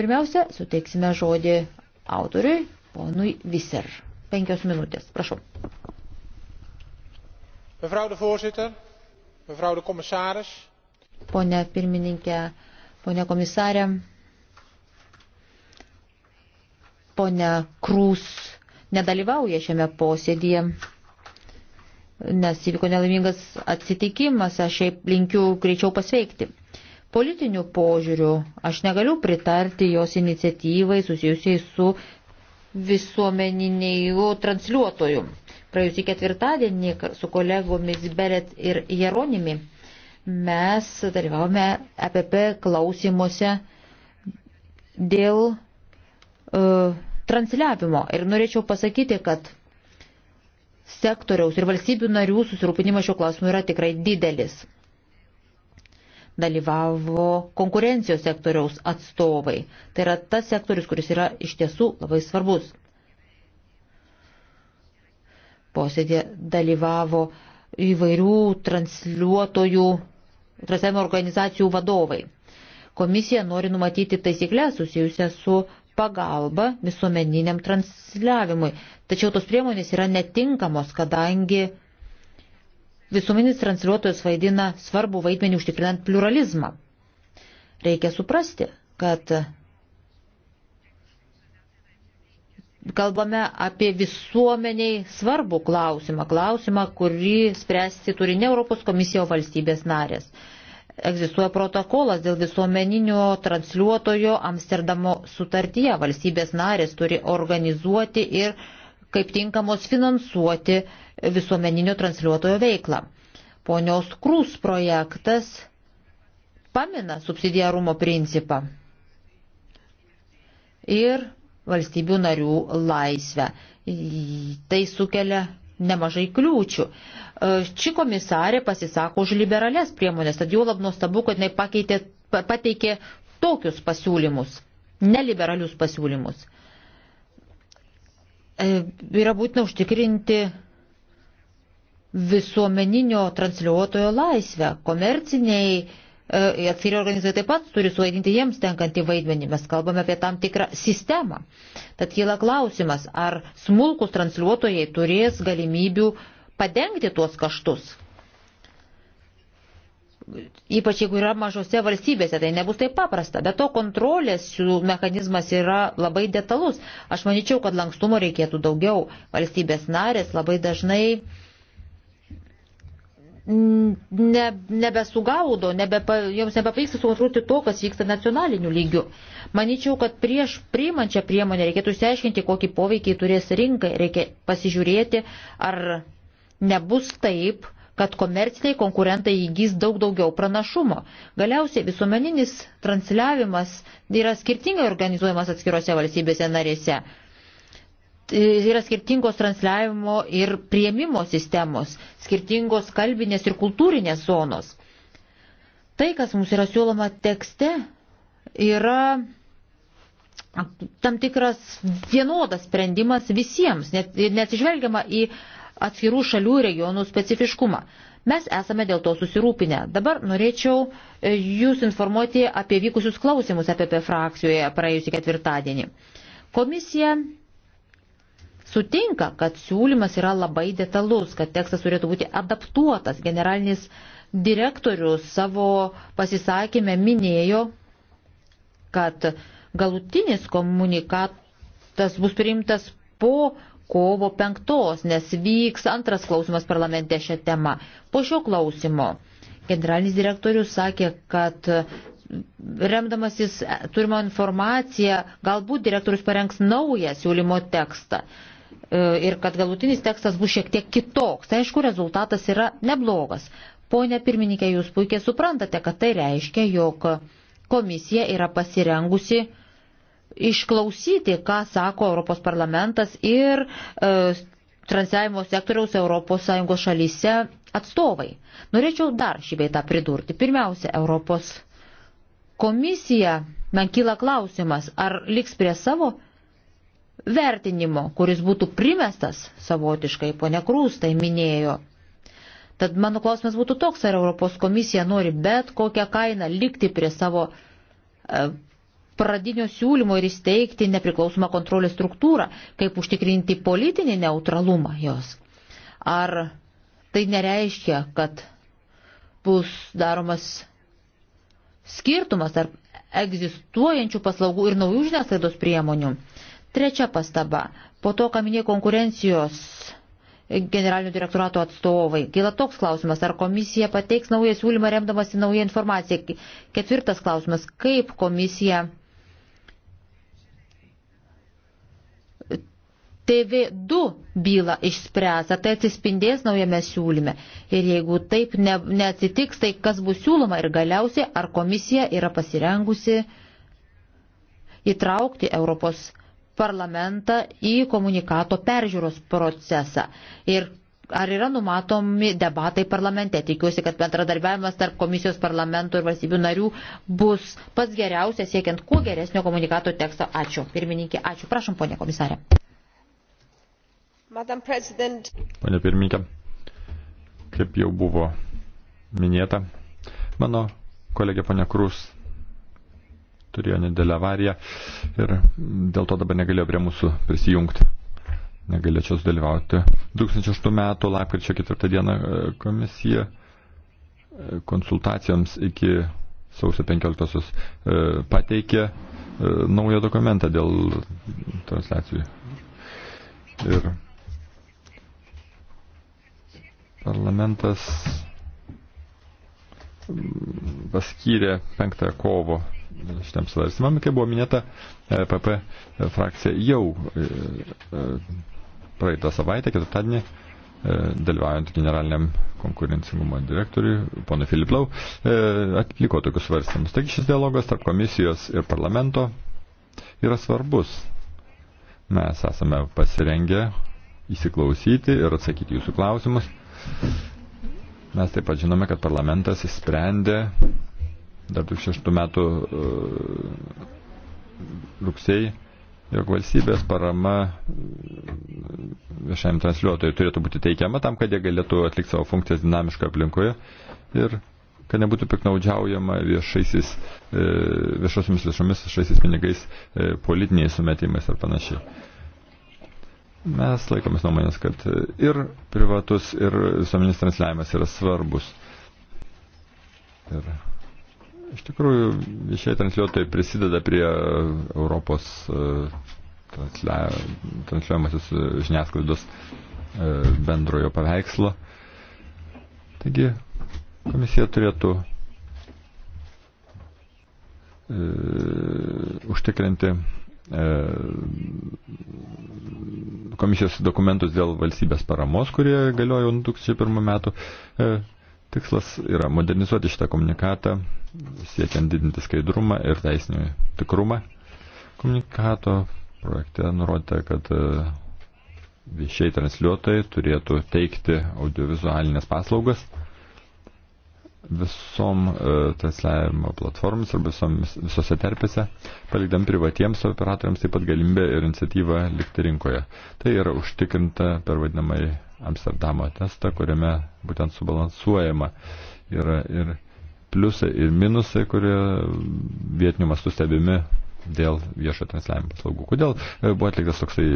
Pirmiausia, suteiksime žodį autoriui, ponui Viser. Penkios minutės, prašau. Mevrouw de voorzitter, mevrouw de commissaris. Pone pirmininkė, pone komisarė, pone Krūs nedalyvauja šiame posėdėje, nes įvyko nelaimingas atsitikimas, aš šiaip linkiu greičiau pasveikti. Politiniu požiūriu aš negaliu pritarti jos iniciatyvai susijusiai su visuomeniniu transliuotoju. Praėjusį ketvirtadienį su kolegomis Beret ir Jeronimi mes dalyvavome EPP klausimuose dėl uh, transliavimo. Ir norėčiau pasakyti, kad sektoriaus ir valstybių narių susirūpinimas šiuo klausimu yra tikrai didelis dalyvavo konkurencijos sektoriaus atstovai. Tai yra tas sektorius, kuris yra iš tiesų labai svarbus. Posėdė dalyvavo įvairių transliuotojų, transliavimo organizacijų vadovai. Komisija nori numatyti taisyklę susijusią su pagalba visuomeniniam transliavimui. Tačiau tos priemonės yra netinkamos, kadangi Visuminis transliuotojas vaidina svarbu vaidmenį užtikrinant pluralizmą. Reikia suprasti, kad kalbame apie visuomeniai svarbų klausimą, klausimą, kurį spręsti turi ne Europos komisija, o valstybės narės. Egzistuoja protokolas dėl visuomeninio transliuotojo Amsterdamo sutartyje. Valstybės narės turi organizuoti ir uh, kaip tinkamos finansuoti visuomeninio transliuotojo veiklą. Ponios Krūs projektas pamina subsidiarumo principą ir valstybių narių laisvę. Tai sukelia nemažai kliūčių. Ši komisarė pasisako už liberales priemonės, tad jau lab nuostabu, kad jinai pakeitė, pateikė tokius pasiūlymus, neliberalius pasiūlymus. E, yra būtina užtikrinti visuomeninio transliuotojo laisvę. Komerciniai e, atskiri organizacijai taip pat turi suvaidinti jiems tenkantį vaidmenį. Mes kalbame apie tam tikrą sistemą. Tad kyla klausimas, ar smulkus transliuotojai turės galimybių padengti tuos kaštus ypač jeigu yra mažose valstybėse, tai nebus taip paprasta. Bet to kontrolės mechanizmas yra labai detalus. Aš manyčiau, kad lankstumo reikėtų daugiau. Valstybės narės labai dažnai ne, nebesugaudo, nebe, joms nebepavyksta sukontroliuoti to, kas vyksta nacionaliniu lygiu. Manyčiau, kad prieš priimančią priemonę reikėtų išsiaiškinti, kokį poveikį turės rinkai. Reikia pasižiūrėti, ar nebus taip, kad komerciniai konkurentai įgys daug daugiau pranašumo. Galiausiai visuomeninis transliavimas yra skirtingai organizuojamas atskirose valstybėse narėse. Tai yra skirtingos transliavimo ir prieimimo sistemos, skirtingos kalbinės ir kultūrinės zonos. Tai, kas mums yra siūloma tekste, yra tam tikras vienodas sprendimas visiems, net, neatsižvelgiama į atskirų šalių regionų specifiškumą. Mes esame dėl to susirūpinę. Dabar norėčiau e, jūs informuoti apie vykusius klausimus APP frakcijoje praėjusį ketvirtadienį. Komisija sutinka, kad siūlymas yra labai detalus, kad tekstas turėtų būti adaptuotas. Generalinis direktorius savo pasisakymę minėjo, kad galutinis komunikatas bus priimtas po kovo penktos, nes vyks antras klausimas parlamente šią temą. Po šio klausimo generalinis direktorius sakė, kad remdamasis turimo informaciją, galbūt direktorius parengs naują siūlymo tekstą. E, ir kad galutinis tekstas bus šiek tiek kitoks. Tai aišku, rezultatas yra neblogas. Pone pirmininkė, jūs puikiai suprantate, kad tai reiškia, jog komisija yra pasirengusi uh, išklausyti, ką sako Europos parlamentas ir e, transliavimo sektoriaus ES šalyse atstovai. Norėčiau dar šį beitą pridurti. Pirmiausia, Europos komisija, man kyla klausimas, ar liks prie savo vertinimo, kuris būtų primestas savotiškai, ponia Krūstai minėjo. Tad mano klausimas būtų toks, ar Europos komisija nori bet kokią kainą likti prie savo e, pradinio siūlymo ir įsteigti nepriklausomą kontrolės struktūrą, kaip užtikrinti politinį neutralumą jos. Ar tai nereiškia, kad bus daromas skirtumas tarp egzistuojančių paslaugų ir naujų žiniasklaidos priemonių? Trečia pastaba. Po to, ką minėjo konkurencijos generalinio direktorato atstovai. Kila toks klausimas, ar komisija pateiks naują siūlymą remdamasi naują informaciją. Ketvirtas klausimas, kaip komisija TV2 bylą išspręs, ar tai atsispindės naujame siūlyme. Ir jeigu taip ne, neatsitiks, tai kas bus siūloma ir galiausiai, ar komisija yra pasirengusi įtraukti Europos parlamentą į komunikato peržiūros procesą. Ir ar yra numatomi debatai parlamente. Tikiuosi, kad bendradarbiavimas tarp komisijos parlamento ir valstybių narių bus pats geriausias, siekiant kuo geresnio komunikato teksto. Ačiū. Pirmininkė, ačiū. Prašom, ponė komisarė. Pane pirmininkė, kaip jau buvo minėta, mano kolegė ponia Krus turėjo nedėlę avariją ir dėl to dabar negalėjo prie mūsų prisijungti. Negalėčiau sudalyvauti. 2008 metų lapkričio 4 dieną e, komisija e, konsultacijoms iki sausio 15-osios e, pateikė naują dokumentą dėl transliacijų. Ir Parlamentas mm, paskyrė 5 kovo šitam svarstymam, kai buvo minėta PP e frakcija jau e, e, praeitą savaitę, ketvirtadienį, dalyvaujant generaliniam konkurencingumo direktoriui, ponui Filiplau, atliko tokius svarstymus. Taigi šis dialogas tarp komisijos ir parlamento yra svarbus. Mes esame pasirengę įsiklausyti ir atsakyti jūsų klausimus. Mes taip pat žinome, kad parlamentas įsprendė dar 2006 metų e, rugsėjai, jog valstybės parama e, viešajam transliuotojui turėtų būti teikiama tam, kad jie galėtų atlikti savo funkcijas dinamiškoje aplinkoje ir kad nebūtų piknaudžiaujama viešaisiais, e, viešosiamis lėšomis, viešaisiais pinigais, politiniais sumetimais ar panašiai. Mes laikomės nuomonės, kad ir privatus, ir visuomenės transliavimas yra svarbus. Ir iš tikrųjų viešieji transliuotojai prisideda prie Europos e, transliuojamasios e, žiniasklaidos e, bendrojo paveikslo. Taigi komisija turėtų e, užtikrinti E, komisijos dokumentus dėl valstybės paramos, kurie galiojo 2001 metų. E, tikslas yra modernizuoti šitą komunikatą, siekiant didinti skaidrumą ir teisinį tikrumą. Komunikato projekte nurodyta, kad e, viešiai transliuotojai turėtų teikti audiovizualinės paslaugas visom e, transliavimo platformoms ir visom, visose terpėse, palikdami privatiems operatoriams taip pat galimybę ir iniciatyvą likti rinkoje. Tai yra užtikrinta per vadinamąjį Amsterdamo testą, kuriame būtent subalansuojama yra ir pliusai ir minusai, kurie vietiniu mastu stebimi dėl viešo transliavimo paslaugų. Kodėl e, buvo atliktas toksai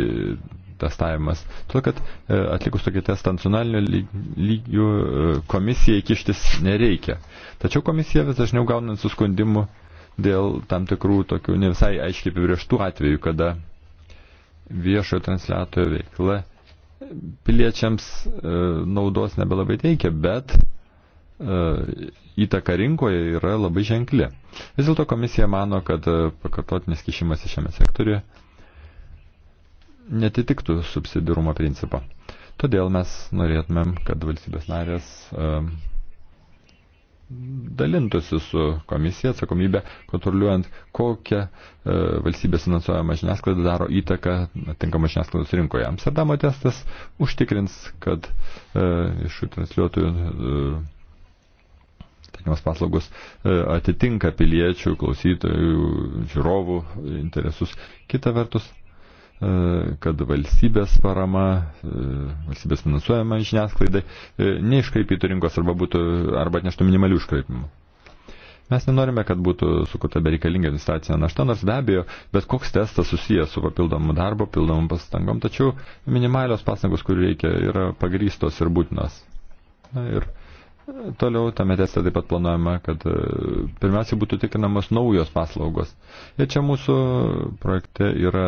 testavimas? Tuo, kad e, atlikus tokį testą nacionaliniu lygiu e, komisijai kištis nereikia. Tačiau komisija vis dažniau gaunant suskundimų dėl tam tikrų tokių ne visai aiškiai apibrieštų atvejų, kada viešojo transliuotojo veikla piliečiams naudos nebelabai teikia, bet E, įtaka rinkoje yra labai ženkli. Vis dėlto komisija mano, kad e, pakartotinis kišimas į šiame sektoriuje netitiktų subsidirumo principo. Todėl mes norėtumėm, kad valstybės narės e, dalintųsi su komisija atsakomybė, kontroliuojant, kokią e, valstybės finansuojama žiniasklaida daro įtaką tinkamą žiniasklaidos rinkoje. Amsterdamo testas užtikrins, kad e, iš transliuotojų e, teikiamas paslaugos e, atitinka piliečių, klausytojų, žiūrovų interesus. Kita vertus, e, kad valstybės parama, e, valstybės finansuojama žiniasklaidai neiškraipytų rinkos arba, būtų, arba atneštų minimalių iškraipimų. Mes nenorime, kad būtų sukurta bereikalinga administracinė našta, nors be abejo, bet koks testas susijęs su papildomu darbu, papildomu pastangom, tačiau minimalios pastangos, kurių reikia, yra pagrystos ir būtinos. Na, ir Toliau tame teste taip pat planuojama, kad e, pirmiausia būtų tikinamos naujos paslaugos. Ir čia mūsų projekte yra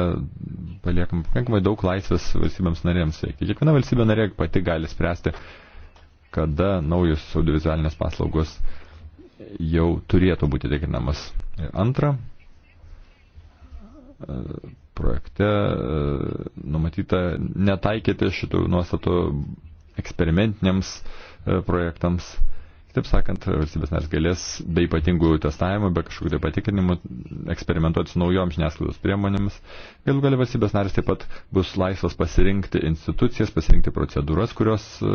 paliekama pakankamai daug laisvės valstybėms narėms veikti. Kiekviena valstybė narė pati gali spręsti, kada naujus audiovizualinės paslaugos jau turėtų būti tikinamas. Ir antra, e, projekte e, numatyta netaikyti šitų nuostatų eksperimentiniams uh, E, projektams. Taip sakant, valstybės narės galės be ypatingų testavimų, be kažkokių tai patikrinimų eksperimentuoti su naujom žiniasklaidos priemonėmis. Galų gali valstybės narės taip pat bus laisvas pasirinkti institucijas, pasirinkti procedūras, kurios e,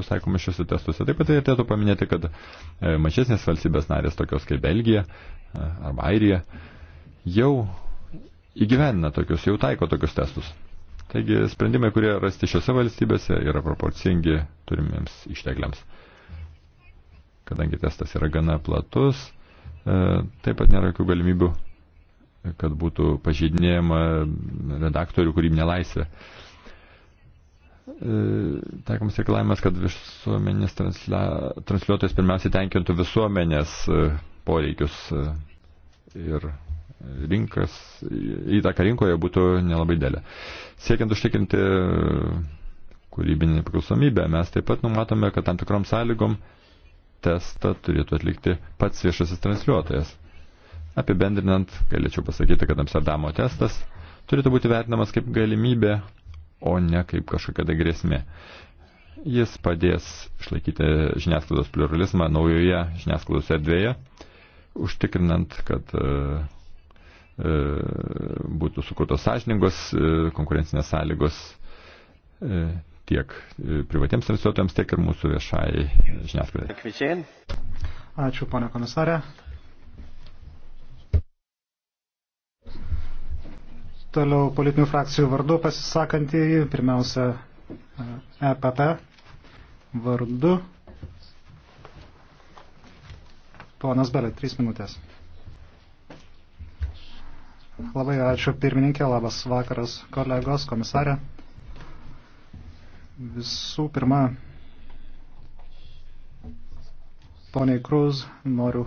bus taikomas šiuose testuose. Taip pat reikėtų paminėti, kad e, mažesnės valstybės narės, tokios kaip Belgija arba Airija, jau įgyvenina tokius, jau taiko tokius testus. Taigi sprendimai, kurie rasti šiose valstybėse, yra proporcingi turimiems ištekliams. Kadangi testas yra gana platus, e, taip pat nėra jokių galimybių, kad būtų pažydinėjama redaktorių kūrybinė laisvė e, taikomas reikalavimas, kad visuomenės transliuotojas pirmiausiai tenkintų visuomenės e, poreikius ir rinkas, įtaka rinkoje būtų nelabai dėlė. Siekiant užtikrinti kūrybinį priklausomybę, mes taip pat numatome, kad tam tikrom sąlygom testą turėtų atlikti pats viešasis transliuotojas. Apibendrinant, galėčiau pasakyti, kad Amsterdamo testas turėtų būti vertinamas kaip galimybė, o ne kaip kažkokia tai grėsmė. Jis padės išlaikyti žiniasklaidos pluralizmą naujoje žiniasklaidos erdvėje, užtikrinant, kad uh, E, būtų sukurtos sąžiningos e, konkurencinės sąlygos e, tiek privatiems investuotojams, tiek ir mūsų viešai žiniasklaidai. Ačiū, ponia komisarė. Toliau politinių frakcijų vardu pasisakantieji, pirmiausia EPP vardu. Ponas Belė, trys minutės. Labai ačiū pirmininkė, labas vakaras kolegos, komisarė. Visų pirma, poniai Krūz, noriu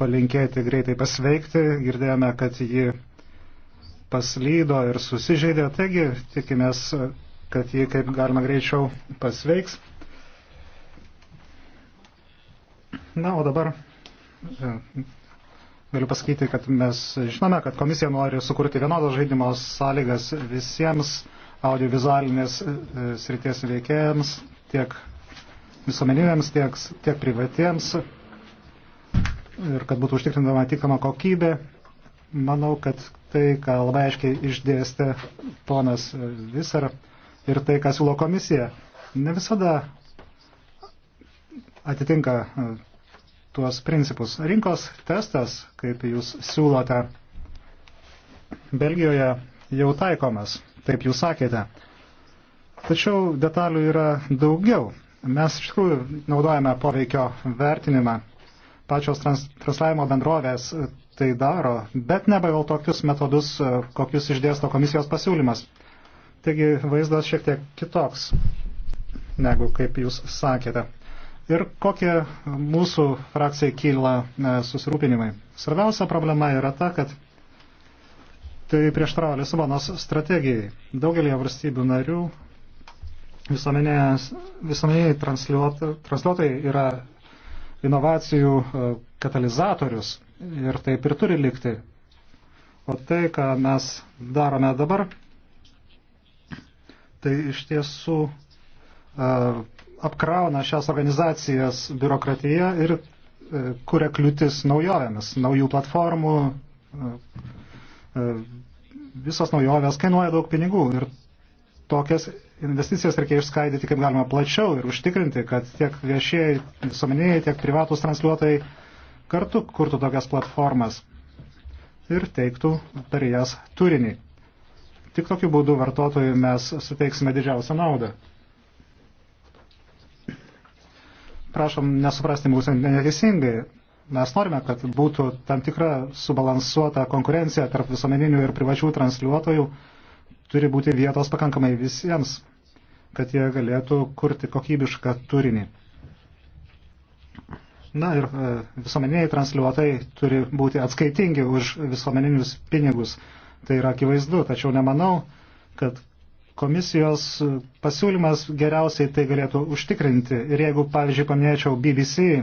palinkėti greitai pasveikti. Girdėjome, kad ji paslydo ir susižeidė, taigi tikimės, kad ji kaip galima greičiau pasveiks. Na, o dabar galiu pasakyti, kad mes žinome, kad komisija nori sukurti vienodas žaidimo sąlygas visiems audiovizualinės e, srities veikėjams, tiek visuomeniniams, tiek, tiek privatiems ir kad būtų užtikrinama tikama kokybė. Manau, kad tai, ką labai aiškiai išdėstė ponas Visar ir tai, ką siūlo komisija, ne visada atitinka tuos principus. Rinkos testas, kaip jūs siūlote, Belgijoje jau taikomas, taip jūs sakėte. Tačiau detalių yra daugiau. Mes iš tikrųjų naudojame poveikio vertinimą. Pačios trans translavimo bendrovės tai daro, bet ne pagal tokius metodus, kokius išdėsto komisijos pasiūlymas. Taigi vaizdas šiek tiek kitoks negu kaip jūs sakėte ir kokie mūsų frakcijai kyla e, susirūpinimai. Svarbiausia problema yra ta, kad tai prieštrauja Lisabonos strategijai. Daugelį valstybių narių visuomeniai transliuotojai yra inovacijų e, katalizatorius ir taip ir turi likti. O tai, ką mes darome dabar, tai iš tiesų uh, apkrauna šias organizacijas biurokratija ir e, kuria kliūtis naujovėmis, naujų platformų. E, e, visos naujovės kainuoja daug pinigų ir tokias investicijas reikia išskaidyti kaip galima plačiau ir užtikrinti, kad tiek viešieji, visuomeniniai, tiek privatus transliuotojai kartu kurtų tokias platformas ir teiktų per jas turinį. Tik tokiu būdu vartotojui mes suteiksime didžiausią naudą. prašom nesuprasti mūsų neteisingai. Mes norime, kad būtų tam tikra subalansuota konkurencija tarp visuomeninių ir privačių transliuotojų. Turi būti vietos pakankamai visiems, kad jie galėtų kurti kokybišką turinį. Na ir e, visuomeniniai transliuotojai turi būti atskaitingi už visuomeninius pinigus. Tai yra akivaizdu, tačiau nemanau, kad Komisijos pasiūlymas geriausiai tai galėtų užtikrinti. Ir jeigu, pavyzdžiui, paminėčiau BBC, e,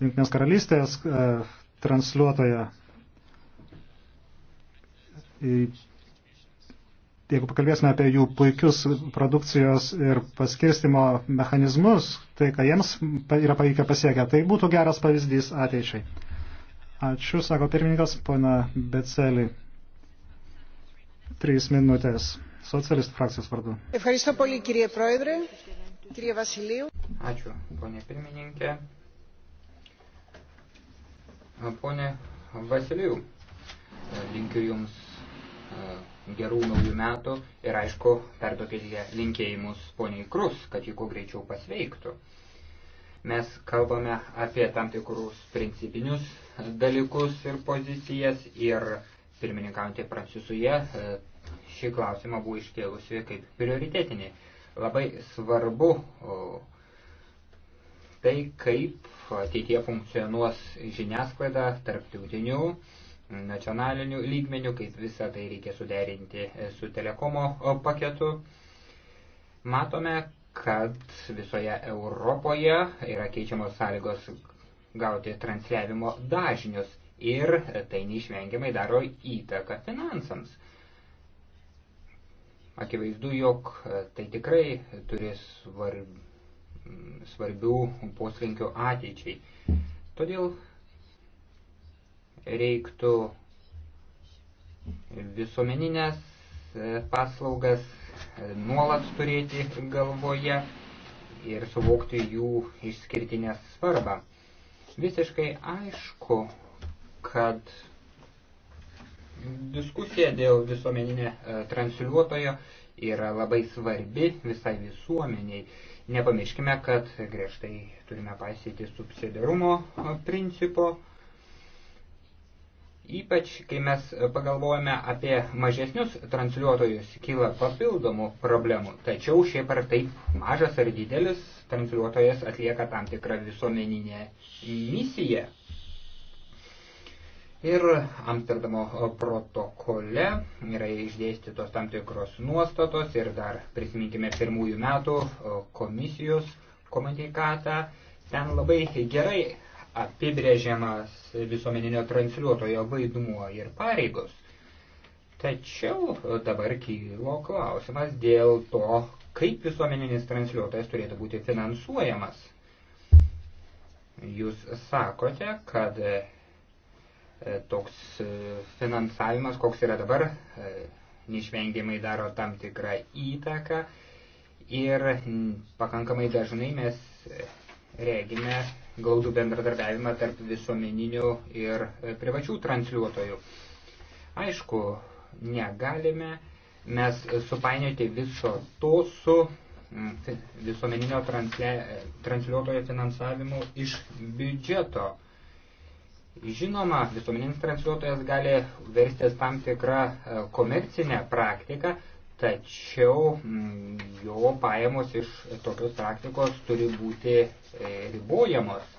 Junktinės karalystės e, transliuotoją, jeigu pakalbėsime apie jų puikius produkcijos ir paskirstimo mechanizmus, tai ką jiems yra pavykę pasiekę, tai būtų geras pavyzdys ateičiai. Ačiū, sako pirmininkas, pana Becelį. Trys minutės socialistų frakcijos vardu. Ačiū, ponė pirmininkė. Pone Vasilijų, linkiu Jums e, gerų naujų metų ir aišku, perduokite linkėjimus poniai Krus, kad jį kuo greičiau pasveiktų. Mes kalbame apie tam tikrus principinius dalykus ir pozicijas ir pirmininkaujantį Prancūziją e, šį klausimą buvo iškėlusi kaip prioritetinį. Labai svarbu tai, kaip ateitie funkcionuos žiniasklaida tarptautinių nacionalinių lygmenių, kaip visą tai reikia suderinti e, su telekomo paketu. Matome, kad visoje Europoje yra keičiamos sąlygos gauti transliavimo dažnius ir e, tai neišvengiamai daro įtaką finansams. Akivaizdu, jog e, tai tikrai turės svarb, svarbių poslinkių ateičiai. Todėl reiktų visuomeninės e, paslaugas e, nuolat turėti galvoje ir suvokti jų išskirtinę svarbą. Visiškai aišku, kad Diskusija dėl visuomeninė e, transliuotojo yra labai svarbi visai visuomeniai. Nepamirškime, kad griežtai turime paisyti subsidiarumo e, principo. Ypač, kai mes pagalvojame apie mažesnius transliuotojus, kyla papildomų problemų. Tačiau šiaip ar taip mažas ar didelis transliuotojas atlieka tam tikrą visuomeninę misiją Ir Amsterdamo protokole yra išdėstytos tam tikros nuostatos ir dar prisiminkime pirmųjų metų komisijos komunikatą. Ten labai gerai apibrėžiamas visuomeninio transliuotojo vaidmuo ir pareigos. Tačiau dabar kylo klausimas dėl to, kaip visuomeninis transliuotojas turėtų būti finansuojamas. Jūs sakote, kad E, toks e, finansavimas, koks yra dabar, e, neišvengiamai daro tam tikrą įtaką ir pakankamai dažnai mes regime gaudų bendradarbiavimą tarp visuomeninių ir privačių transliuotojų. Aišku, negalime mes supainioti viso to su visuomeninio transliuotojo finansavimu iš biudžeto. Žinoma, visuomeninis transliuotojas gali verstis tam tikrą e, komercinę praktiką, tačiau mm, jo pajamos iš tokios praktikos turi būti e, ribojamos.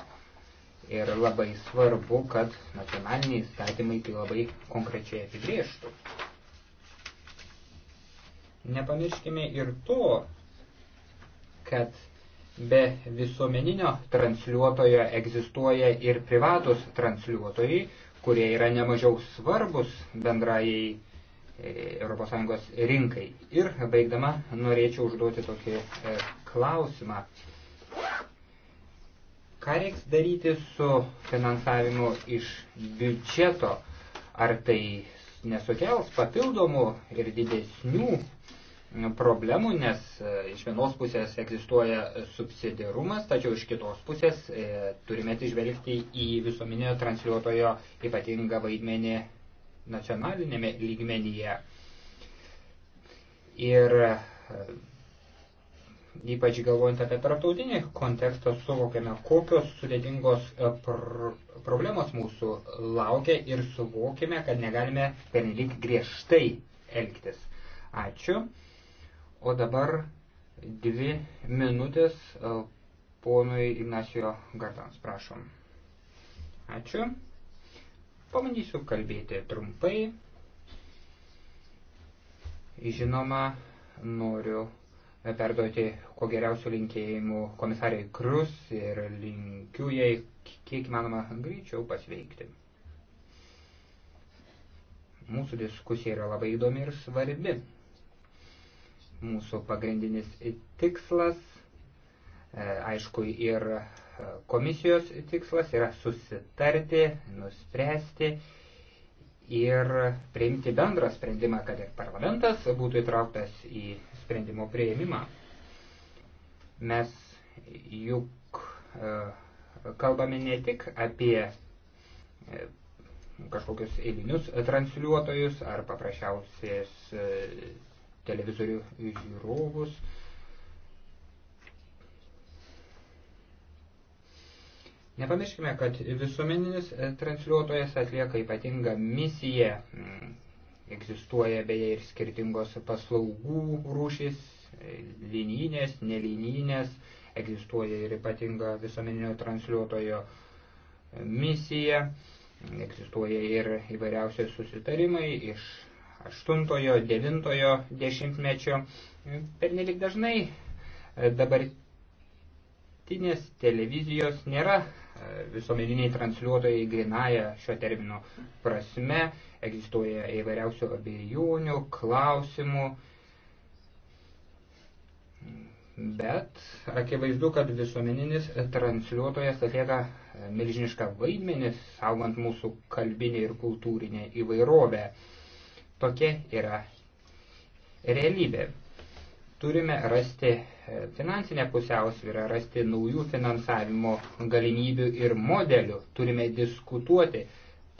Ir labai svarbu, kad nacionaliniai įstatymai tai labai konkrečiai apibrėžtų. Nepamirškime ir to, kad Be visuomeninio transliuotojo egzistuoja ir privatus transliuotojai, kurie yra nemažiau svarbus bendrajai ES rinkai. Ir baigdama norėčiau užduoti tokį e, klausimą. Ką reiks daryti su finansavimu iš biudžeto? Ar tai nesukels papildomų ir didesnių problemų, nes e, iš vienos pusės egzistuoja subsidiarumas, tačiau iš kitos pusės e, turime atsižvelgti į visuomeninio transliuotojo ypatingą vaidmenį nacionalinėme lygmenyje. Ir e, ypač galvojant apie tarptautinį kontekstą, suvokiame, kokios sudėtingos e, pr problemos mūsų laukia ir suvokime, kad negalime pernelyg griežtai elgtis. Ačiū. O dabar dvi minutės e, ponui Ignacio Gardans, prašom. Ačiū. Pabandysiu kalbėti trumpai. Žinoma, noriu perduoti ko geriausių linkėjimų komisariai Krus ir linkiu jai kiek įmanoma greičiau pasveikti. Mūsų diskusija yra labai įdomi ir svarbi mūsų pagrindinis tikslas, e, aišku, ir e, komisijos tikslas yra susitarti, nuspręsti ir priimti bendrą sprendimą, kad ir parlamentas būtų įtrauktas į sprendimo prieimimą. Mes juk e, kalbame ne tik apie kažkokius eilinius transliuotojus ar paprasčiausiais televizorių žiūrovus. Nepamirškime, kad visuomeninis e, transliuotojas atlieka ypatingą misiją. Mm, egzistuoja beje ir skirtingos paslaugų rūšys, e, linijinės, nelinijinės, egzistuoja ir ypatinga visuomeninio transliuotojo e, misija, egzistuoja ir įvairiausios susitarimai iš aštuntojo, devintojo dešimtmečio. Pernelik dažnai e, dabartinės televizijos nėra e, visuomeniniai transliuotojai grinaja šio termino prasme, egzistuoja įvairiausių abejonių, klausimų, bet akivaizdu, kad visuomeninis transliuotojas atlieka e, milžinišką vaidmenį, saugant mūsų kalbinę ir kultūrinę įvairovę. Tokia yra realybė. Turime rasti e, finansinę pusiausvyrą, rasti naujų finansavimo galimybių ir modelių. Turime diskutuoti,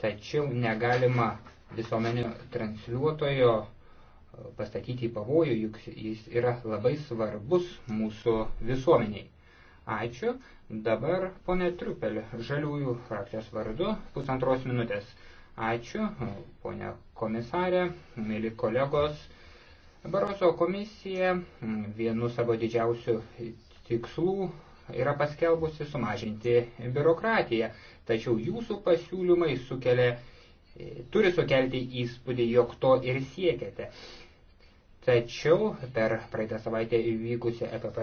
tačiau negalima visuomenio transliuotojo e, pastatyti į pavojų, juk jis yra labai svarbus mūsų visuomeniai. Ačiū. Dabar ponė Triupelė, žaliųjų frakcijos vardu, pusantros minutės. Ačiū, ponia komisarė, mėly kolegos. Baroso komisija vienu savo didžiausių tikslų yra paskelbusi sumažinti biurokratiją, tačiau jūsų pasiūlymai sukelia, turi sukelti įspūdį, jog to ir siekiate. Tačiau per praeitą savaitę įvykusią EPP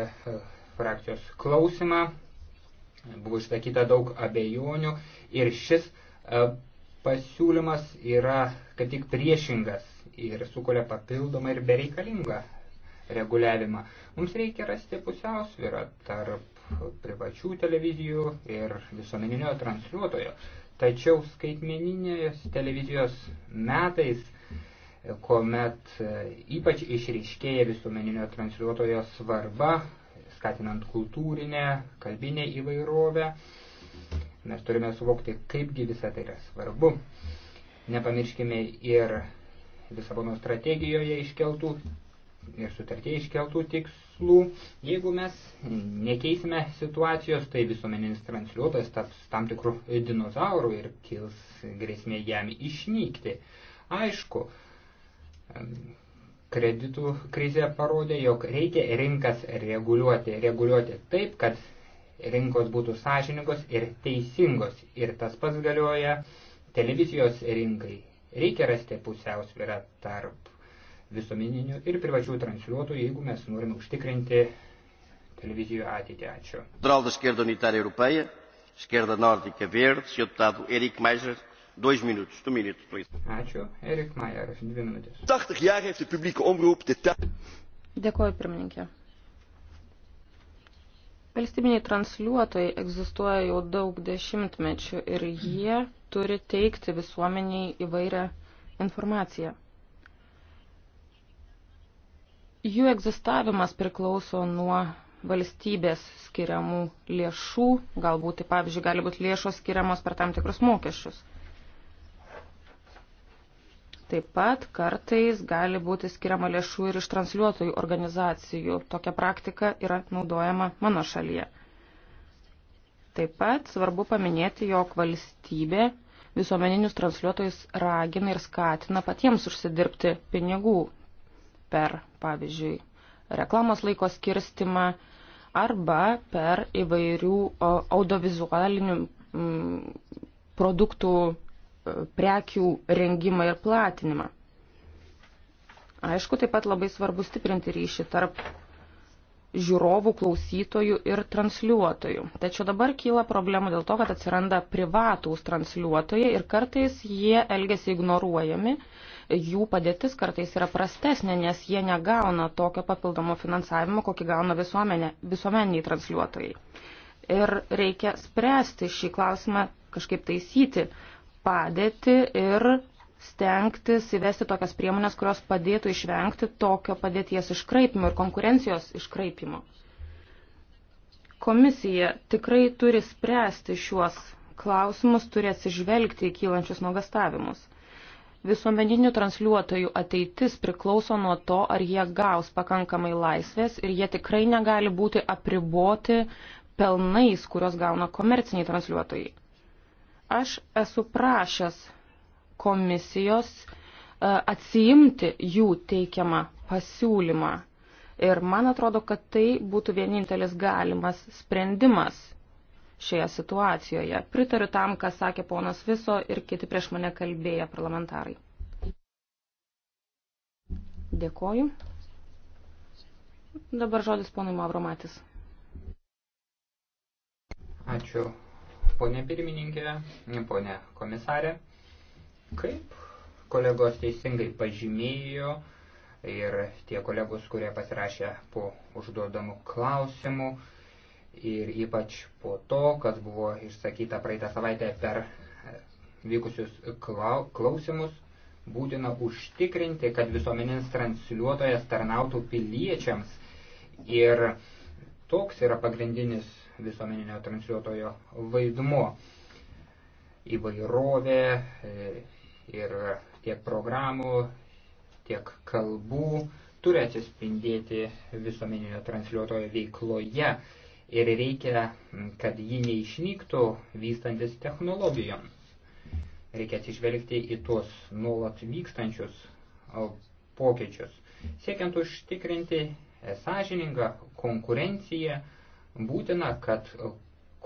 frakcijos klausimą buvo išsakyta daug abejonių ir šis e, pasiūlymas yra kaip tik priešingas ir sukuria papildomą ir bereikalingą reguliavimą. Mums reikia rasti pusiausvyrą tarp privačių televizijų ir visuomeninio transliuotojo. Tačiau skaitmeninės televizijos metais, kuomet e, ypač išryškėja visuomeninio transliuotojo svarba, skatinant kultūrinę, kalbinę įvairovę, Mes turime suvokti, kaipgi visa tai yra svarbu. Nepamirškime ir Lisabono strategijoje iškeltų ir sutartie iškeltų tikslų. Jeigu mes nekeisime situacijos, tai visuomeninis transliuotas taps tam tikrų dinozaurų ir kils grėsmė jam išnykti. Aišku, kreditų krizė parodė, jog reikia rinkas reguliuoti, reguliuoti taip, kad rinkos būtų sąžiningos ir teisingos. Ir tas pats galioja televizijos rinkai. Reikia rasti pusiausvyrą tarp visuomeninių ir privačių transliuotojų, jeigu mes norime užtikrinti televizijų ateitį. Ačiū. Dralda Esquerda Unitária Europeia, Esquerda Nórdica Verde, Sr. E deputado Erik Meijer, 2 minutos, 2 um minutos, please. Ačiū, Erik Meijer, 2 minutės. 80 jaar heeft de publieke omroep de Dėkuoju, pirmininkė. Valstybiniai transliuotojai egzistuoja jau daug dešimtmečių ir jie turi teikti visuomeniai įvairią informaciją. Jų egzistavimas priklauso nuo valstybės skiriamų lėšų, galbūt, tai pavyzdžiui, gali būti lėšos skiriamos per tam tikrus mokesčius. Taip pat kartais gali būti skiriama lėšų ir iš transliuotojų organizacijų. Tokia praktika yra naudojama mano šalyje. Taip pat svarbu paminėti, jog valstybė visuomeninius transliuotojus ragina ir skatina patiems užsidirbti pinigų per, pavyzdžiui, reklamos laiko skirstimą arba per įvairių audiovizualinių mm, produktų prekių rengimą ir platinimą. Aišku, taip pat labai svarbu stiprinti ryšį tarp žiūrovų, klausytojų ir transliuotojų. Tačiau dabar kyla problemų dėl to, kad atsiranda privatūs transliuotojai ir kartais jie elgesi ignoruojami, jų padėtis kartais yra prastesnė, nes jie negauna tokio papildomo finansavimo, kokį gauna visuomenė, visuomeniniai transliuotojai. Ir reikia spręsti šį klausimą, kažkaip taisyti padėtį ir stengtis įvesti tokias priemonės, kurios padėtų išvengti tokio padėties iškraipimo ir konkurencijos iškraipimo. Komisija tikrai turi spręsti šiuos klausimus, turi atsižvelgti į kylančius nuogastavimus. Visuomeninių transliuotojų ateitis priklauso nuo to, ar jie gaus pakankamai laisvės ir jie tikrai negali būti apriboti pelnais, kurios gauna komerciniai transliuotojai. Aš esu prašęs komisijos e, atsiimti jų teikiamą pasiūlymą. Ir man atrodo, kad tai būtų vienintelis galimas sprendimas šioje situacijoje. Pritariu tam, ką sakė ponas Viso ir kiti prieš mane kalbėję parlamentarai. Dėkoju. Dabar žodis ponui Mavromatis. Ačiū, ponė pirmininkė, ponė komisarė. Kaip kolegos teisingai pažymėjo ir tie kolegos, kurie pasirašė po užduodamų klausimų ir ypač po to, kas buvo išsakyta praeitą savaitę per e, vykusius klausimus, būtina užtikrinti, kad visuomeninis transliuotojas tarnautų piliečiams ir toks yra pagrindinis visuomeninio transliuotojo vaidmuo. Įvairovė e, ir tiek programų, tiek kalbų turi atsispindėti visuomeninio transliuotojo veikloje ir reikia, kad ji neišnyktų vystantis technologijoms. Reikia atsižvelgti į tuos nuolat vykstančius pokyčius. Siekiant užtikrinti e, sąžiningą konkurenciją, būtina, kad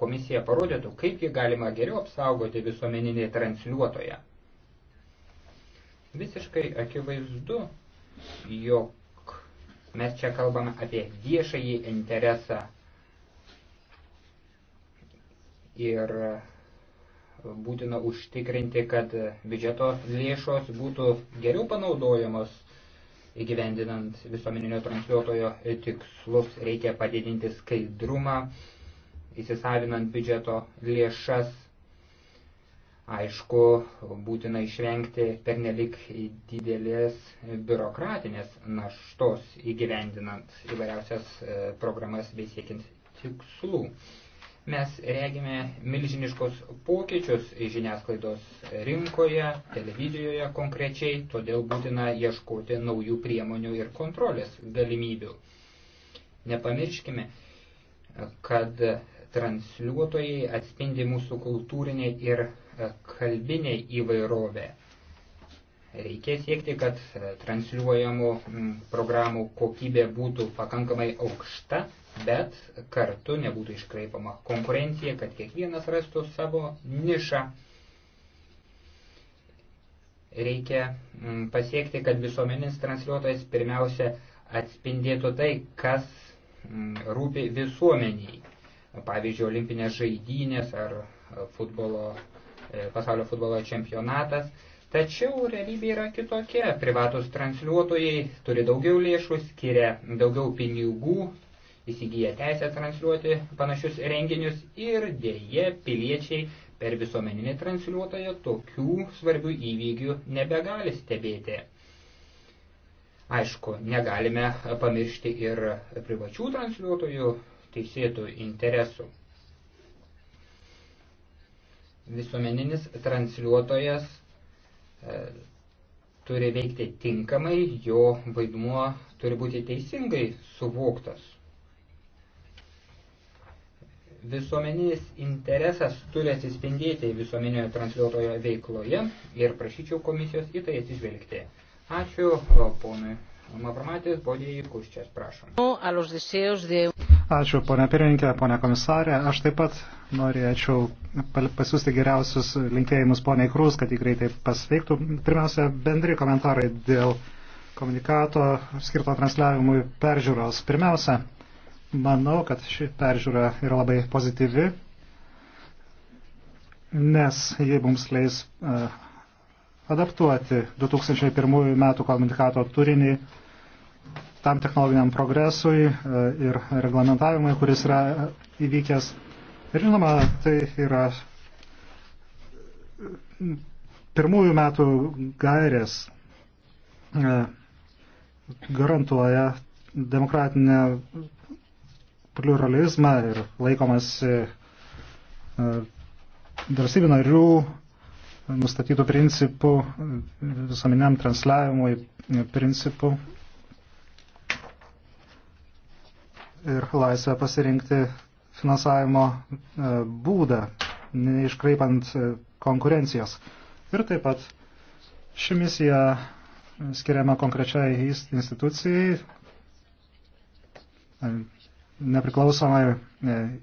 komisija parodytų, kaip jį galima geriau apsaugoti visuomeninį transliuotoją. Visiškai akivaizdu, jog mes čia kalbame apie viešąjį interesą ir būtina užtikrinti, kad biudžeto lėšos būtų geriau panaudojamos įgyvendinant visuomeninio transliuotojo tikslus reikia padidinti skaidrumą, įsisavinant biudžeto lėšas. Aišku, būtina išvengti pernelik didelės biurokratinės naštos įgyvendinant įvairiausias e, programas bei siekiant tikslų. Mes regime milžiniškus pokyčius žiniasklaidos rinkoje, televizijoje konkrečiai, todėl būtina ieškoti naujų priemonių ir kontrolės galimybių. Nepamirškime, kad transliuotojai atspindi mūsų kultūrinę ir kalbinę įvairovę. Reikia siekti, kad e, transliuojamų programų kokybė būtų pakankamai aukšta, bet kartu nebūtų iškraipama konkurencija, kad kiekvienas rastų savo nišą. Reikia pasiekti, kad visuomeninis transliuotojas pirmiausia atspindėtų tai, kas rūpi visuomeniai. Pavyzdžiui, olimpinės žaidynės ar e, futbolo, e, pasaulio futbolo čempionatas – Tačiau realybė yra kitokia. Privatus transliuotojai turi daugiau lėšų, skiria daugiau pinigų, įsigyja teisę transliuoti panašius renginius ir dėje piliečiai per visuomeninį transliuotoją tokių svarbių įvykių nebegali stebėti. Aišku, negalime pamiršti ir privačių transliuotojų teisėtų interesų. Visuomeninis transliuotojas E, turi veikti tinkamai, jo vaidmuo turi būti teisingai suvoktas. Visuomeninis interesas turi atsispindėti visuomeninio transliuotojo veikloje ir prašyčiau komisijos į tai atsižvelgti. Ačiū e, ponui Mavromatis, Bodėjai Kuščias, prašom. Ačiū, ponia pirmininkė, ponia komisarė. Aš taip pat norėčiau pasiūsti geriausius linkėjimus poniai Krūs, kad jį greitai pasveiktų. Pirmiausia, bendri komentarai dėl komunikato skirto transliavimui peržiūros. Pirmiausia, manau, kad ši peržiūra yra labai pozityvi, nes jie mums leis e, adaptuoti 2001 metų komunikato turinį tam technologiniam progresui e, ir reglamentavimui, kuris yra įvykęs. Ir žinoma, tai yra pirmųjų metų gairės e, garantuoja demokratinę pluralizmą ir laikomas e, valstybių narių nustatytų principų visuomeniam transliavimui principų ir laisvę pasirinkti finansavimo e, būdą, neiškraipant e, konkurencijos. Ir taip pat ši misija skiriama konkrečiai institucijai, e, nepriklausomai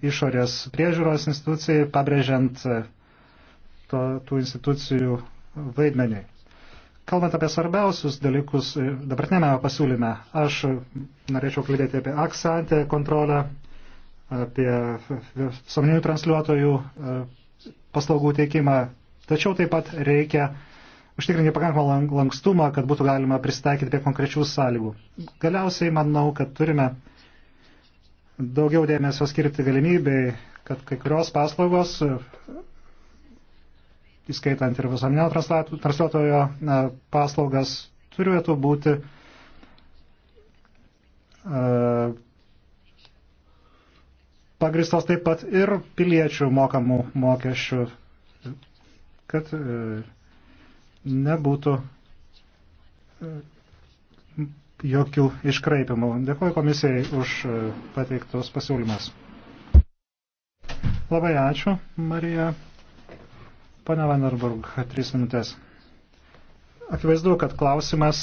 išorės priežiūros institucijai, pabrėžiant to, tų institucijų vaidmenį. Kalbant apie svarbiausius dalykus e, dabartinėme pasiūlyme, aš norėčiau kalbėti apie aksantę kontrolę, apie visuomeninių transliuotojų e, paslaugų teikimą. Tačiau taip pat reikia užtikrinti pakankamą lankstumą, kad būtų galima pristaikyti prie konkrečių sąlygų. Galiausiai manau, kad turime daugiau dėmesio skirti galimybei, kad kai kurios paslaugos įskaitant ir visuomenio transliuotojo paslaugas, turėtų būti e, pagristos taip pat ir piliečių mokamų mokesčių, kad e, nebūtų e, jokių iškraipimų. Dėkuoju komisijai už pateiktos pasiūlymas. Labai ačiū, Marija. Pane Vanderburg, trys minutės. Akivaizdu, kad klausimas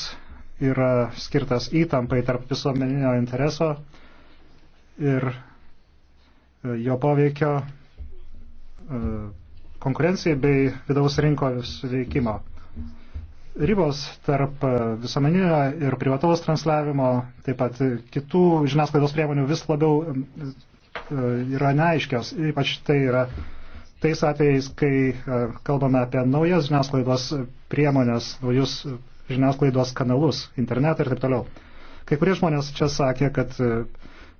yra skirtas įtampai tarp visuomeninio intereso ir e, jo poveikio e, konkurencijai bei vidaus rinkos veikimo. Ribos tarp e, visuomeninio ir privataus transliavimo, taip pat kitų žiniasklaidos priemonių vis labiau yra neaiškios, ypač tai yra tais atvejais, kai e, kalbame apie naujas žiniasklaidos priemonės, naujus žiniasklaidos kanalus, internetą ir taip toliau. Kai kurie žmonės čia sakė, kad e,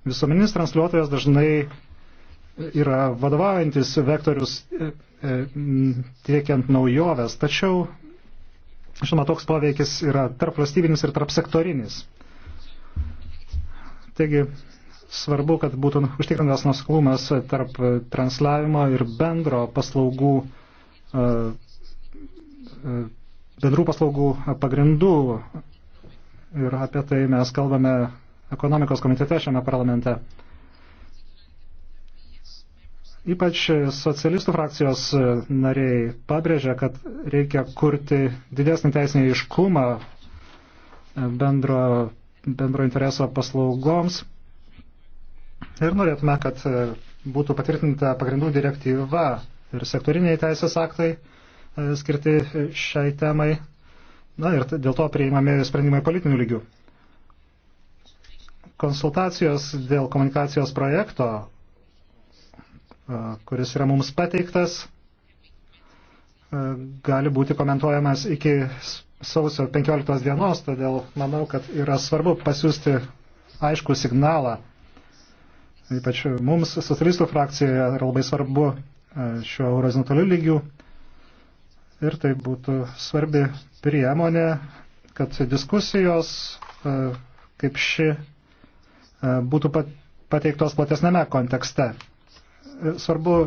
visuomeninis transliuotojas dažnai yra vadovaujantis vektorius e, tiekiant naujoves, tačiau, žinoma, toks poveikis yra tarp valstybinis ir tarp sektorinis. Taigi, svarbu, kad būtų užtikrintas nusklumas tarp transliavimo ir bendro paslaugų, e, e, bendrų paslaugų pagrindų. Ir apie tai mes kalbame ekonomikos komitete šiame parlamente. Ypač socialistų frakcijos nariai pabrėžia, kad reikia kurti didesnį teisinį iškumą bendro, bendro intereso paslaugoms Ir norėtume, kad e, būtų patvirtinta pagrindų direktyva ir sektoriniai teisės aktai e, skirti e, šiai temai. Na ir dėl to priimami sprendimai politinių lygių. Konsultacijos dėl komunikacijos projekto, kuris yra mums pateiktas, gali būti komentuojamas iki sausio 15 dienos, todėl manau, kad yra svarbu pasiūsti aišku signalą Ypač mums, socialistų frakcijoje, yra labai svarbu e, šiuo horizontaliu lygiu. Ir tai būtų svarbi priemonė, kad diskusijos e, kaip ši e, būtų pateiktos platesnėme kontekste. Svarbu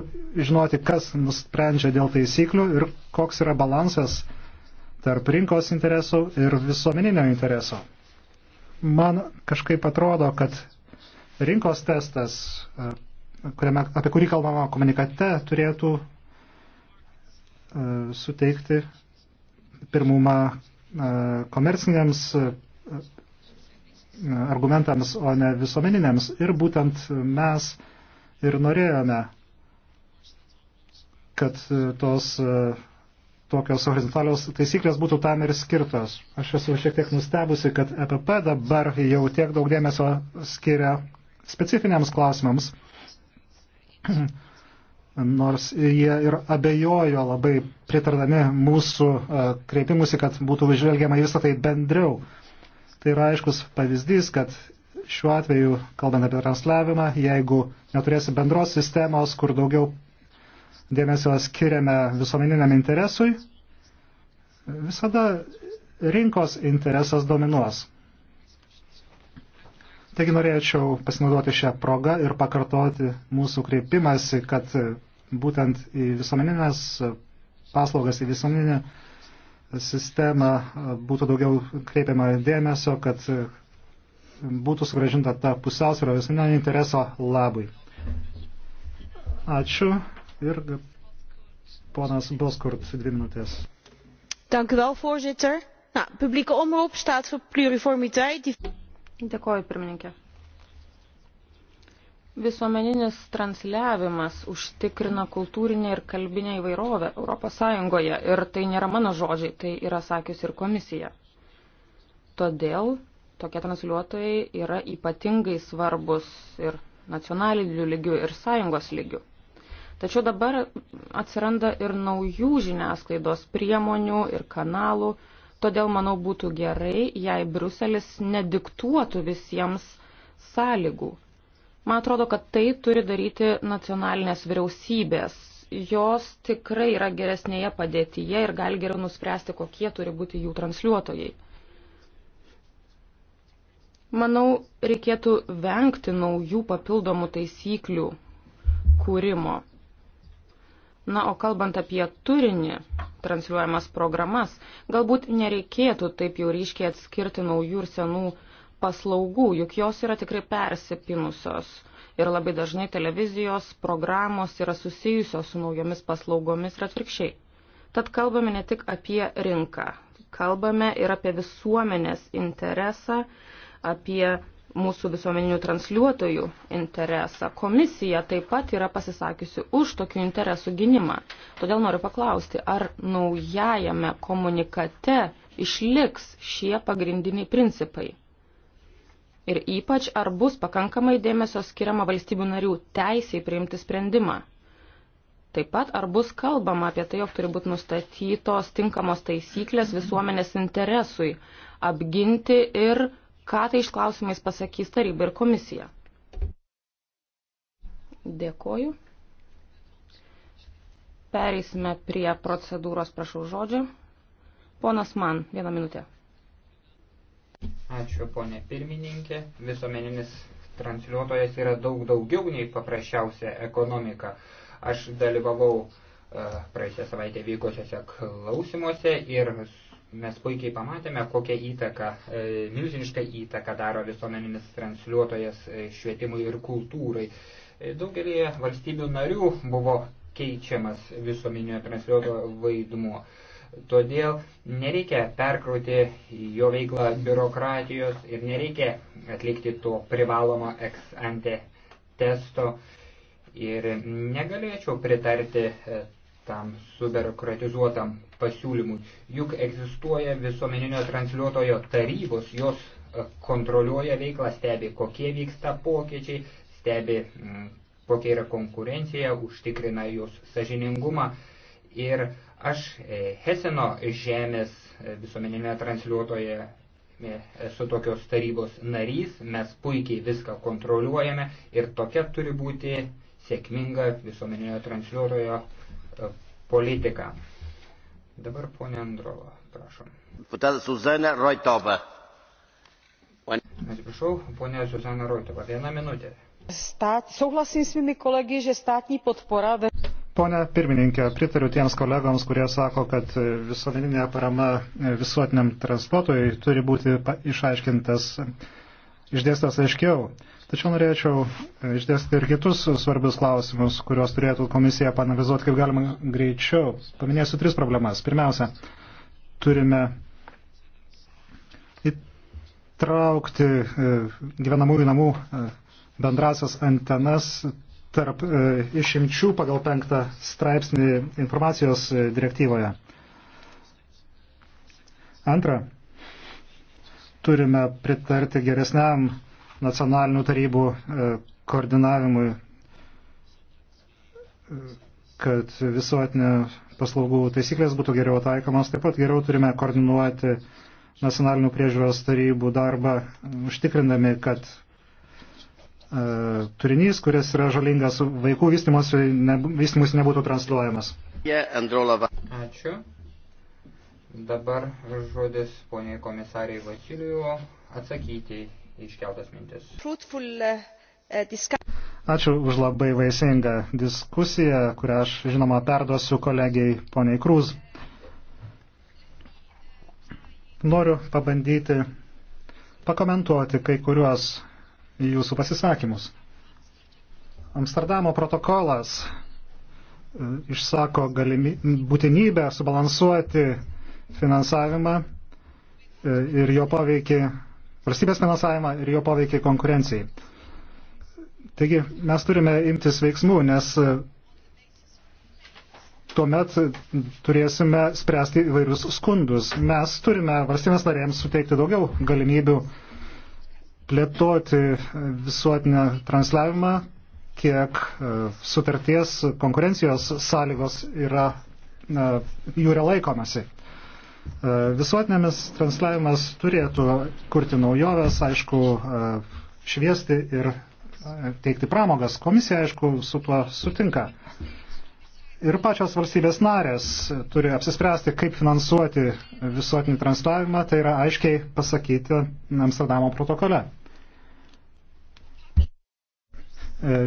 žinoti, kas nusprendžia dėl taisyklių ir koks yra balansas tarp rinkos interesų ir visuomeninio intereso. Man kažkaip atrodo, kad Rinkos testas, e, kuriame, apie kurį kalbama komunikate, turėtų e, suteikti pirmumą e, komerciniams argumentams, o ne visuomeniniams. Ir būtent mes ir norėjome, kad tos tokios horizontalios taisyklės būtų tam ir skirtos. Aš esu šiek tiek nustebusi, kad EPP dabar jau tiek daug dėmesio skiria specifiniams klausimams, nors jie ir abejojo labai pritardami mūsų e, kreipimusi, kad būtų žvelgiama visą tai bendriau. Tai yra aiškus pavyzdys, kad šiuo atveju, kalbant apie transliavimą, jeigu neturėsi bendros sistemos, kur daugiau dėmesio skiriame visuomeniniam interesui, visada rinkos interesas dominuos. Taigi norėčiau pasinaudoti šią progą ir pakartoti mūsų kreipimąsi, kad būtent į visuomeninės paslaugas, į visuomeninę sistemą būtų daugiau kreipiama dėmesio, kad būtų sugražinta ta pusiausvėra visuomeninio intereso labui. Ačiū ir ponas Boskurt, dvi minutės. Dank u wel, voorzitter. Nou, publieke omroep staat voor pluriformiteit. Dėkoju, pirmininkė. Visuomeninis transliavimas užtikrina kultūrinę ir kalbinę įvairovę Europos Sąjungoje ir tai nėra mano žodžiai, tai yra sakius ir komisija. Todėl tokie transliuotojai yra ypatingai svarbus ir nacionalinių lygių ir sąjungos lygių. Tačiau dabar atsiranda ir naujų žiniasklaidos priemonių ir kanalų, Todėl, manau, būtų gerai, jei Bruselis nediktuotų visiems sąlygų. Man atrodo, kad tai turi daryti nacionalinės vyriausybės. Jos tikrai yra geresnėje padėtyje ir gali geriau nuspręsti, kokie turi būti jų transliuotojai. Manau, reikėtų vengti naujų papildomų taisyklių kūrimo Na, o kalbant apie turinį, transliuojamas programas, galbūt nereikėtų taip jau ryškiai atskirti naujų ir senų paslaugų, juk jos yra tikrai persipinusios. Ir labai dažnai televizijos programos yra susijusios su naujomis paslaugomis ir atvirkščiai. Tad kalbame ne tik apie rinką, kalbame ir apie visuomenės interesą, apie mūsų visuomeninių transliuotojų interesą. Komisija taip pat yra pasisakiusi už tokių interesų gynimą. Todėl noriu paklausti, ar naujajame komunikate išliks šie pagrindiniai principai? Ir ypač, ar bus pakankamai dėmesio skiriama valstybių narių teisiai priimti sprendimą? Taip pat, ar bus kalbama apie tai, jog turi būti nustatytos tinkamos taisyklės visuomenės interesui apginti ir ką tai iš klausimais pasakys taryba ir komisija. Dėkoju. Pereisime prie procedūros, prašau žodžio. Ponas man, vieną minutę. Ačiū, ponė pirmininkė. Visuomeninis transliuotojas yra daug daugiau nei paprasčiausia ekonomika. Aš dalyvavau e, praeitą savaitę vykusiuose klausimuose ir Mes puikiai pamatėme, kokią įtaką, e, milžinišką įtaką daro visuomeninis transliuotojas e, švietimui ir kultūrai. E, daugelį valstybių narių buvo keičiamas visuomeninio transliuotojo vaidmuo. Todėl nereikia perkrauti jo veiklą biurokratijos ir nereikia atlikti to privalomo ex ante testo. Ir negalėčiau pritarti tam subiurokratizuotam pasiūlymui. Juk egzistuoja visuomeninio transliuotojo tarybos, jos e, kontroliuoja veiklą, stebi, kokie vyksta pokyčiai, stebi, kokia yra konkurencija, užtikrina jos sažiningumą. Ir aš e, Heseno žemės e, visuomeninėme transliuotoje esu tokios tarybos narys, mes puikiai viską kontroliuojame ir tokia turi būti sėkminga visuomeninio transliuotojo politika. Dabar ponė Androva, prašom. Suzana Roitova. Atsiprašau, ponė Suzana Roitova, viena minutė. Souhlasím s mými kolegy, že státní podpora ve... Pone pirmininkė, pritariu tiems kolegoms, kurie sako, kad visuomeninė parama visuotiniam transportui turi būti išaiškintas išdėstas aiškiau. Tačiau norėčiau e, išdėstyti ir kitus svarbius klausimus, kuriuos turėtų komisija panalizuoti kaip galima greičiau. Paminėsiu tris problemas. Pirmiausia, turime įtraukti e, gyvenamųjų namų e, bendrasias antenas tarp išimčių pagal penktą straipsnį informacijos direktyvoje. Antra, turime pritarti geresniam nacionalinių tarybų e, koordinavimui, e, kad visuotinė paslaugų taisyklės būtų geriau taikomas. Taip pat geriau turime koordinuoti nacionalinių priežiūros tarybų darbą, užtikrindami, kad e, turinys, kuris yra žalingas vaikų vystimus, ne, vystimus nebūtų transliuojamas. Ačiū. Dabar žodis poniai komisariai Vasilijo atsakyti iškeltas mintis. Eh, Ačiū už labai vaisingą diskusiją, kurią aš žinoma perduosiu kolegiai poniai Krūz. Noriu pabandyti pakomentuoti kai kuriuos jūsų pasisakymus. Amsterdamo protokolas eh, išsako galimi, būtinybę subalansuoti finansavimą e, ir jo poveikį, valstybės finansavimą ir jo poveikį konkurencijai. Taigi mes turime imtis veiksmų, nes e, tuomet turėsime spręsti įvairius skundus. Mes turime valstybės narėms suteikti daugiau galimybių plėtoti e, visuotinę transliavimą, kiek sutarties konkurencijos sąlygos yra, jų yra laikomasi. E, visuotinėmis transliavimas turėtų kurti naujoves, aišku, e, šviesti ir e, teikti pramogas. Komisija, aišku, su tuo sutinka. Ir pačios valstybės narės turi apsispręsti, kaip finansuoti visuotinį transliavimą, tai yra aiškiai pasakyti Amsterdamo protokole.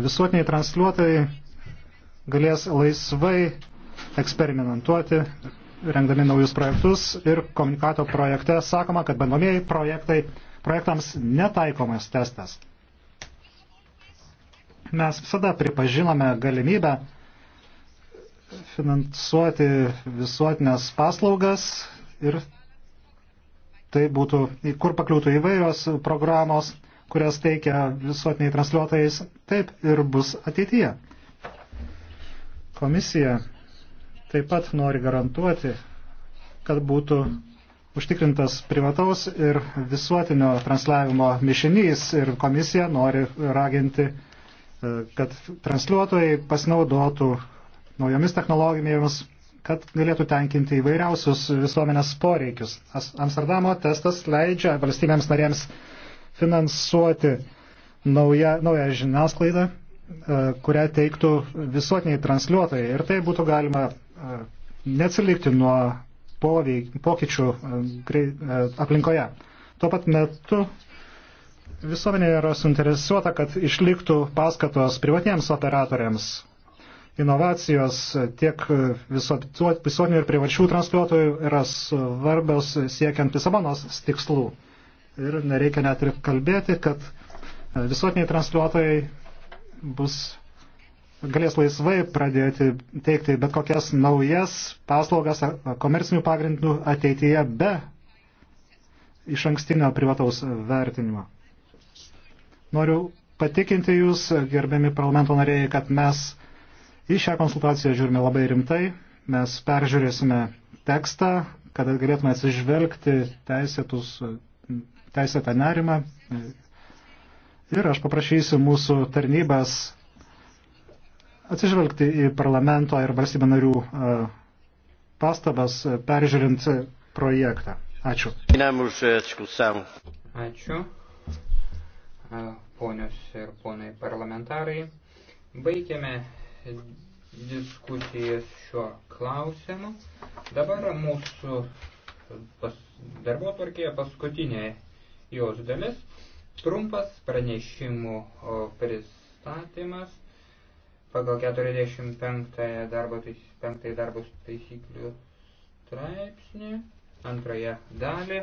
Visuotiniai transliuotojai galės laisvai eksperimentuoti, rengdami naujus projektus ir komunikato projekte sakoma, kad bandomieji projektai, projektams netaikomas testas. Mes visada pripažinome galimybę finansuoti visuotinės paslaugas ir tai būtų, kur pakliūtų įvairios programos, kurias teikia visuotiniai transliuotojais, taip ir bus ateityje. Komisija taip pat nori garantuoti, kad būtų užtikrintas privataus ir visuotinio transliavimo mišinys ir komisija nori raginti, e, kad transliuotojai pasinaudotų naujomis technologijomis, kad galėtų tenkinti įvairiausius visuomenės poreikius. Amsterdamo testas leidžia valstybėms narėms finansuoti naują, naują žiniasklaidą, e, kurią teiktų visuotiniai transliuotojai. Ir tai būtų galima neatsilikti nuo poveik, pokyčių e, e, aplinkoje. Tuo pat metu visuomenė yra suinteresuota, kad išliktų paskatos privatiems operatoriams. Inovacijos tiek visuotinių ir privačių transliuotojų yra svarbios siekiant Lisabonos tikslų. Ir nereikia net ir kalbėti, kad visuotiniai transliuotojai bus galės laisvai pradėti teikti bet kokias naujas paslaugas komercinių pagrindų ateityje be iš ankstinio privataus vertinimo. Noriu patikinti Jūs, gerbiami parlamento nariai, kad mes į šią konsultaciją žiūrime labai rimtai. Mes peržiūrėsime tekstą, kad galėtume atsižvelgti teisėtus, teisėtą nerimą. Ir aš paprašysiu mūsų tarnybas atsižvelgti į parlamento ir valstybė narių e, pastabas, e, peržiūrint projektą. Ačiū. Ačiū. E, ponios ir ponai parlamentarai, baigėme diskusijas šiuo klausimu. Dabar mūsų pas, darbo tvarkėje paskutinė jos dalis. Trumpas pranešimų pristatymas pagal 45 darbo, tais, darbo taisyklių straipsnį antroje dalį.